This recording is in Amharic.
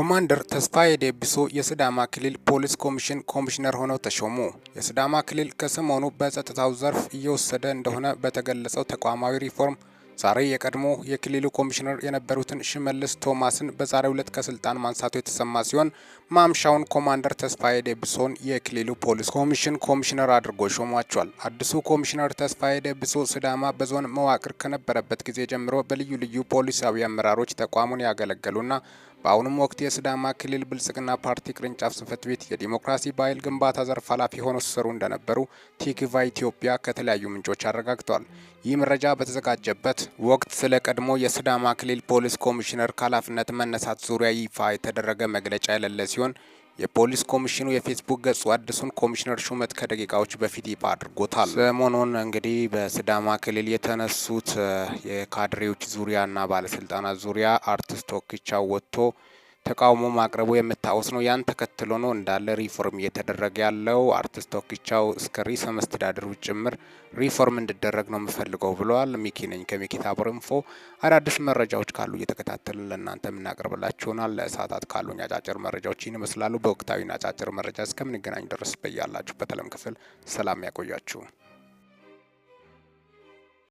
ኮማንደር ተስፋዬ ደብሶ የስዳማ ክልል ፖሊስ ኮሚሽን ኮሚሽነር ሆነው ተሾሙ። የስዳማ ክልል ከሰሞኑ በጸጥታው ዘርፍ እየወሰደ እንደሆነ በተገለጸው ተቋማዊ ሪፎርም ዛሬ የቀድሞ የክልሉ ኮሚሽነር የነበሩትን ሽመልስ ቶማስን በዛሬው ዕለት ከስልጣን ማንሳቱ የተሰማ ሲሆን ማምሻውን ኮማንደር ተስፋዬ ደብሶን የክልሉ ፖሊስ ኮሚሽን ኮሚሽነር አድርጎ ሾሟቸዋል። አዲሱ ኮሚሽነር ተስፋዬ ደብሶ ስዳማ በዞን መዋቅር ከነበረበት ጊዜ ጀምሮ በልዩ ልዩ ፖሊሳዊ አመራሮች ተቋሙን ያገለገሉና በአሁኑም ወቅት የስዳማ ክልል ብልጽግና ፓርቲ ቅርንጫፍ ጽህፈት ቤት የዲሞክራሲ ባህል ግንባታ ዘርፍ ኃላፊ ሆነው ሲሰሩ እንደነበሩ ቲክቫ ኢትዮጵያ ከተለያዩ ምንጮች አረጋግጧል። ይህ መረጃ በተዘጋጀበት ወቅት ስለ ቀድሞ የስዳማ ክልል ፖሊስ ኮሚሽነር ከኃላፊነት መነሳት ዙሪያ ይፋ የተደረገ መግለጫ የሌለ ሲሆን የፖሊስ ኮሚሽኑ የፌስቡክ ገጹ አዲሱን ኮሚሽነር ሹመት ከደቂቃዎች በፊት ይፋ አድርጎታል። ሰሞኑን እንግዲህ በስዳማ ክልል የተነሱት የካድሬዎች ዙሪያና ባለስልጣናት ዙሪያ አርቲስት ቶክቻ ወጥቶ ተቃውሞ ማቅረቡ የምታወስ ነው። ያን ተከትሎ ነው እንዳለ ሪፎርም እየተደረገ ያለው። አርቲስት ቶኪቻው እስከ ርዕሰ መስተዳድሩ ጭምር ሪፎርም እንዲደረግ ነው የምፈልገው ብለዋል። ሚኪ ነኝ ከሚኪ ታቦር ኢንፎ። አዳዲስ መረጃዎች ካሉ እየተከታተልን ለእናንተ የምናቀርብላችሁናል። ለሰዓታት ካሉኝ አጫጭር መረጃዎች ይህን ይመስላሉ። በወቅታዊና አጫጭር መረጃ እስከምንገናኝ ድረስ በያላችሁበት ዓለም ክፍል ሰላም ያቆያችሁ።